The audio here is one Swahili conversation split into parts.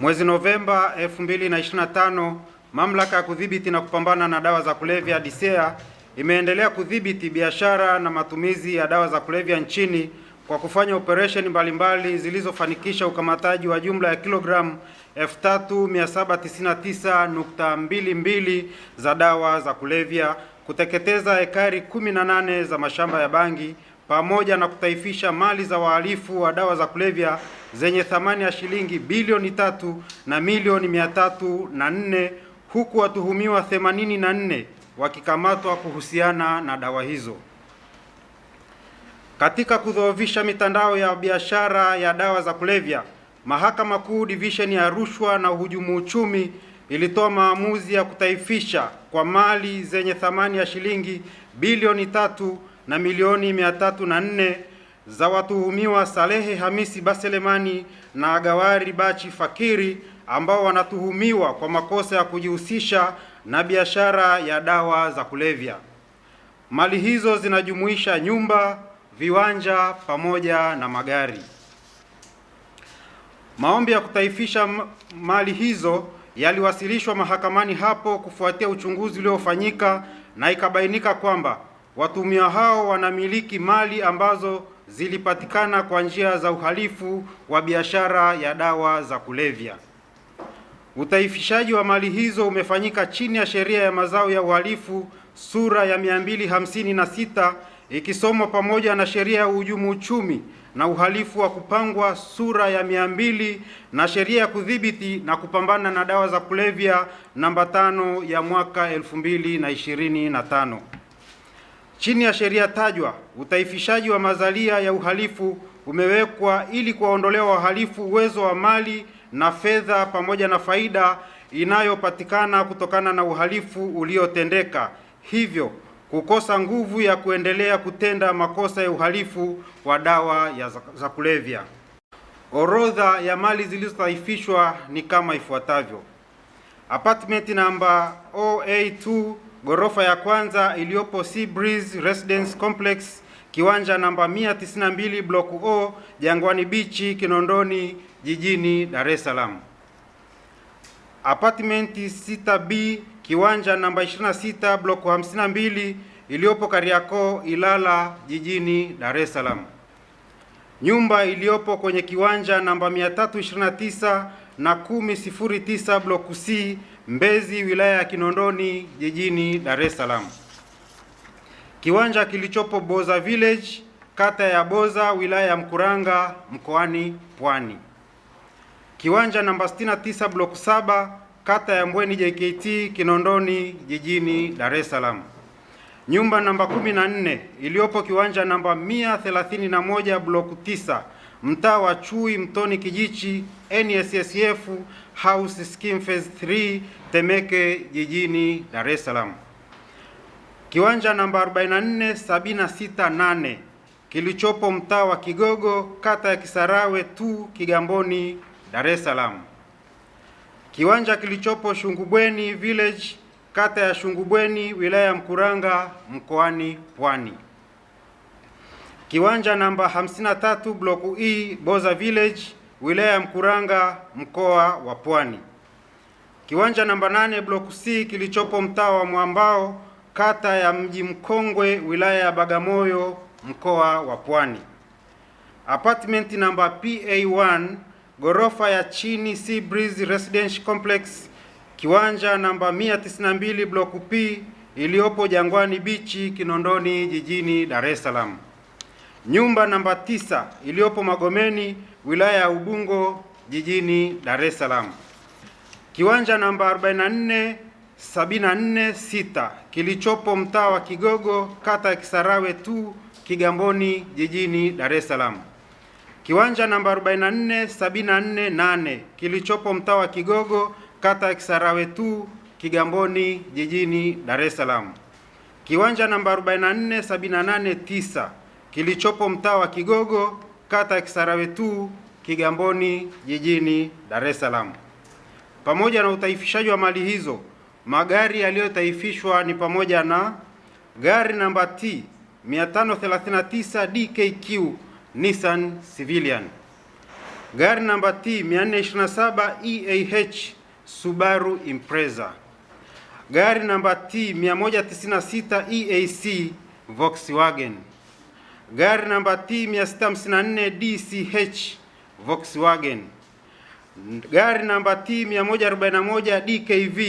Mwezi Novemba 2025, Mamlaka ya Kudhibiti na Kupambana na Dawa za Kulevya DCEA imeendelea kudhibiti biashara na matumizi ya dawa za kulevya nchini kwa kufanya operesheni mbalimbali zilizofanikisha ukamataji wa jumla ya kilogramu 3799.22 za dawa za kulevya, kuteketeza ekari 18 za mashamba ya bangi pamoja na kutaifisha mali za wahalifu wa dawa za kulevya zenye thamani ya shilingi bilioni tatu na milioni mia tatu na nne huku watuhumiwa 84 wakikamatwa kuhusiana na dawa hizo. Katika kudhoofisha mitandao ya biashara ya dawa za kulevya, Mahakama Kuu divisheni ya rushwa na uhujumu uchumi ilitoa maamuzi ya kutaifisha kwa mali zenye thamani ya shilingi bilioni tatu na milioni mia tatu na nne za watuhumiwa Salehe Hamisi Baselemani na Agawari Bachi Fakiri ambao wanatuhumiwa kwa makosa ya kujihusisha na biashara ya dawa za kulevya. Mali hizo zinajumuisha nyumba, viwanja pamoja na magari. Maombi ya kutaifisha mali hizo yaliwasilishwa mahakamani hapo kufuatia uchunguzi uliofanyika na ikabainika kwamba Watumia hao wanamiliki mali ambazo zilipatikana kwa njia za uhalifu wa biashara ya dawa za kulevya. Utaifishaji wa mali hizo umefanyika chini ya sheria ya mazao ya uhalifu sura ya 256 ikisomwa pamoja na sheria ya uhujumu uchumi na uhalifu wa kupangwa sura ya 200 na sheria ya kudhibiti na kupambana na dawa za kulevya namba tano ya mwaka 2025. Chini ya sheria tajwa, utaifishaji wa mazalia ya uhalifu umewekwa ili kuwaondolea wahalifu uwezo wa mali na fedha pamoja na faida inayopatikana kutokana na uhalifu uliotendeka, hivyo kukosa nguvu ya kuendelea kutenda makosa ya uhalifu wa dawa ya za kulevya. Orodha ya mali zilizotaifishwa ni kama ifuatavyo: apartment namba OA2 ghorofa ya kwanza iliyopo Sea Breeze Residence Complex kiwanja namba 192 block O Jangwani Beach Kinondoni jijini Dar es Salaam. Apartment 6B kiwanja namba 26 block 52 iliyopo Kariakoo Ilala jijini Dar es Salaam. Nyumba iliyopo kwenye kiwanja namba 329 na 1009 block C Mbezi wilaya ya Kinondoni jijini Dar es Salaam. Kiwanja kilichopo Boza Village kata ya Boza wilaya ya Mkuranga mkoani Pwani. Kiwanja namba 69 block 7 kata ya Mbweni JKT Kinondoni jijini Dar es Salaam. Nyumba namba 14 iliyopo kiwanja namba 131 block 9 mtaa wa Chui Mtoni Kijichi, NSSF House Scheme Phase 3 Temeke jijini Dar es Salaam. Kiwanja namba 44768 kilichopo mtaa wa Kigogo kata ya Kisarawe tu Kigamboni, Dar es Salaam. Kiwanja kilichopo Shungubweni Village kata ya Shungubweni wilaya ya Mkuranga mkoani Pwani kiwanja namba 53 block E Boza Village, wilaya ya Mkuranga, mkoa wa Pwani, kiwanja namba 8 block C kilichopo mtaa wa Mwambao, kata ya Mji Mkongwe, wilaya ya Bagamoyo, mkoa wa Pwani, apartment namba PA1 ghorofa ya chini Sea Breeze Residential Complex, kiwanja namba 192 block P iliyopo Jangwani Bichi, Kinondoni, jijini Dar es Salaam nyumba namba tisa iliyopo Magomeni, wilaya ya Ubungo, jijini Dar es Salaam, kiwanja namba 44 746 kilichopo mtaa wa Kigogo, kata ya Kisarawe tu, Kigamboni, jijini Dar es Salaam, kiwanja namba 44 748 kilichopo mtaa wa Kigogo, kata ya Kisarawe tu, Kigamboni, jijini Dar es Salaam, kiwanja namba 44 789 kilichopo mtaa wa Kigogo, kata ya Kisarawe tu, Kigamboni, jijini Dar es Salaam. Pamoja na utaifishaji wa mali hizo, magari yaliyotaifishwa ni pamoja na gari namba T 539 DKQ Nissan Civilian, gari namba T 427 EAH Subaru Impreza, gari namba T 196 EAC Volkswagen gari namba T 654 DCH Volkswagen, gari namba T 141 DKV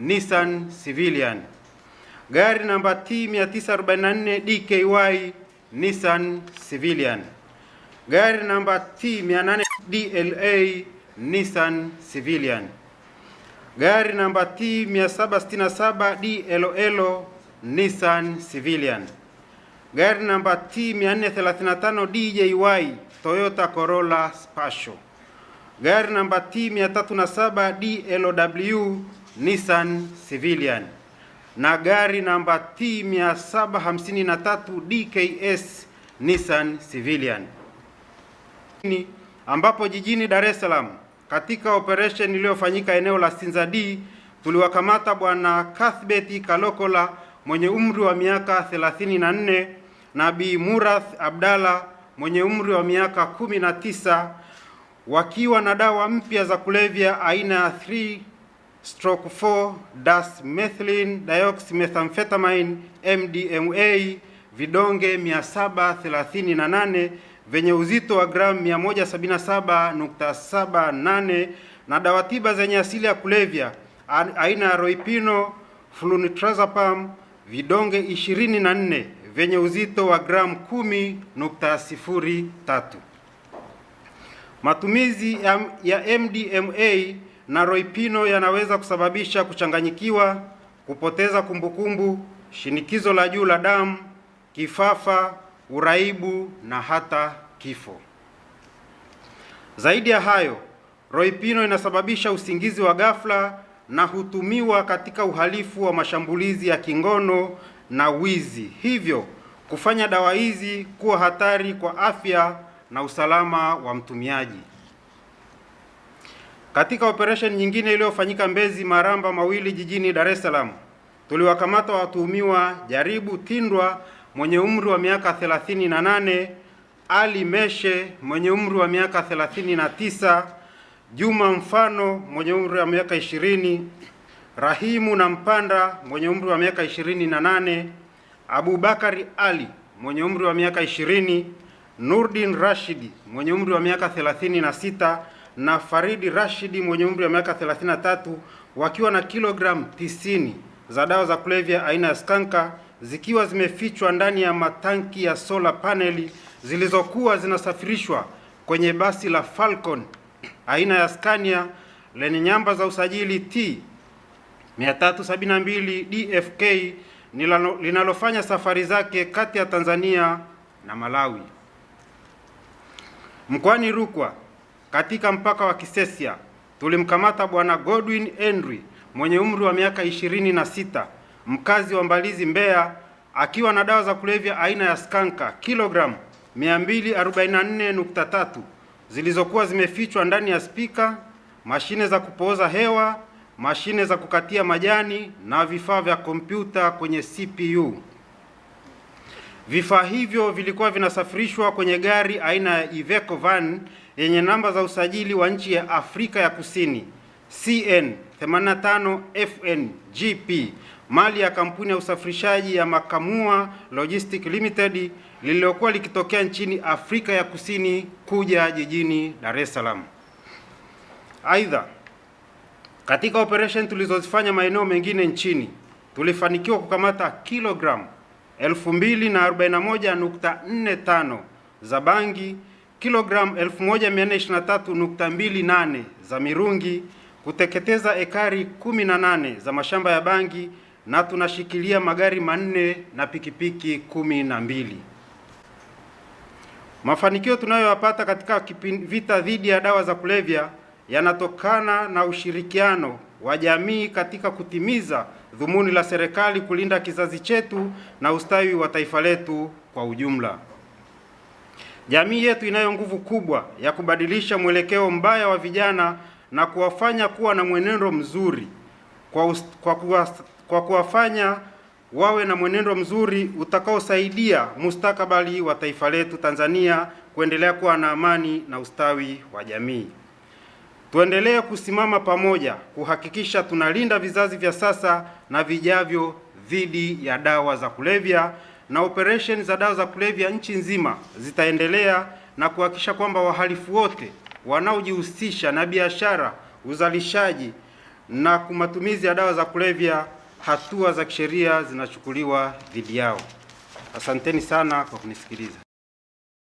Nissan Civilian, gari namba T 944 DKY Nissan Civilian, gari namba T 800 DLA Nissan Civilian, gari namba T 767 DLL Nissan Civilian gari namba T 435 DJY Toyota Corolla Spatial, gari namba T 307 DLW Nissan Civilian na gari namba T 753 DKS Nissan Civilian ambapo jijini Dar es Salaam katika operation iliyofanyika eneo la Sinza D tuliwakamata bwana Cuthbert Kalokola mwenye umri wa miaka 34 nabi Murath Abdalla mwenye umri wa miaka 19 wakiwa na dawa mpya za kulevya aina ya 3 stroke 4 das methylene dioxymethamphetamine MDMA vidonge 738 vyenye uzito wa gramu 177.78 na dawa tiba zenye asili ya kulevya aina ya roipino flunitrazepam vidonge 24 vyenye uzito wa gramu 10.03. Matumizi ya MDMA na roipino yanaweza kusababisha kuchanganyikiwa, kupoteza kumbukumbu, shinikizo la juu la damu, kifafa, uraibu na hata kifo. Zaidi ya hayo, roipino inasababisha usingizi wa ghafla na hutumiwa katika uhalifu wa mashambulizi ya kingono na wizi, hivyo kufanya dawa hizi kuwa hatari kwa afya na usalama wa mtumiaji. Katika operesheni nyingine iliyofanyika Mbezi Maramba Mawili jijini Dar es Salaam, tuliwakamata watuhumiwa Jaribu Tindwa mwenye umri wa miaka 38, Ali Meshe mwenye umri wa miaka 39, Juma Mfano mwenye umri wa miaka 20 Rahimu na Mpanda mwenye umri wa miaka ishirini na nane, Abubakari Ali mwenye umri wa miaka ishirini, Nurdin Rashidi mwenye umri wa miaka thelathini na sita na Faridi Rashidi mwenye umri wa miaka 33 wakiwa na kilogramu 90 za dawa za kulevya aina ya skanka zikiwa zimefichwa ndani ya matanki ya sola paneli zilizokuwa zinasafirishwa kwenye basi la Falcon aina ya Scania lenye namba za usajili T 372 DFK linalofanya safari zake kati ya Tanzania na Malawi. Mkoani Rukwa katika mpaka wa Kisesia tulimkamata bwana Godwin Henry mwenye umri wa miaka 26 mkazi wa Mbalizi Mbeya akiwa na dawa za kulevya aina ya skanka kilogramu 244.3 zilizokuwa zimefichwa ndani ya spika, mashine za kupooza hewa mashine za kukatia majani na vifaa vya kompyuta kwenye CPU. Vifaa hivyo vilikuwa vinasafirishwa kwenye gari aina ya Iveco van yenye namba za usajili wa nchi ya Afrika ya Kusini CN 85 FNGP, mali ya kampuni ya usafirishaji ya Makamua Logistic Limited lililokuwa likitokea nchini Afrika ya Kusini kuja jijini Dar es Salaam. Aidha, katika operation tulizozifanya maeneo mengine nchini tulifanikiwa kukamata kilogramu 2041.45 za bangi, kilogramu 1423.28 za mirungi, kuteketeza ekari 18 za mashamba ya bangi na tunashikilia magari manne na pikipiki kumi na mbili. Mafanikio tunayoyapata katika vita dhidi ya dawa za kulevya yanatokana na ushirikiano wa jamii katika kutimiza dhumuni la serikali kulinda kizazi chetu na ustawi wa taifa letu kwa ujumla. Jamii yetu inayo nguvu kubwa ya kubadilisha mwelekeo mbaya wa vijana na kuwafanya kuwa na mwenendo mzuri kwa, us, kwa, kwa kuwafanya wawe na mwenendo mzuri utakaosaidia mustakabali wa taifa letu Tanzania kuendelea kuwa na amani na ustawi wa jamii. Tuendelee kusimama pamoja kuhakikisha tunalinda vizazi vya sasa na vijavyo dhidi ya dawa za kulevya, na operesheni za dawa za kulevya nchi nzima zitaendelea na kuhakikisha kwamba wahalifu wote wanaojihusisha na biashara, uzalishaji na kumatumizi ya dawa za kulevya, hatua za kisheria zinachukuliwa dhidi yao. Asanteni sana kwa kunisikiliza.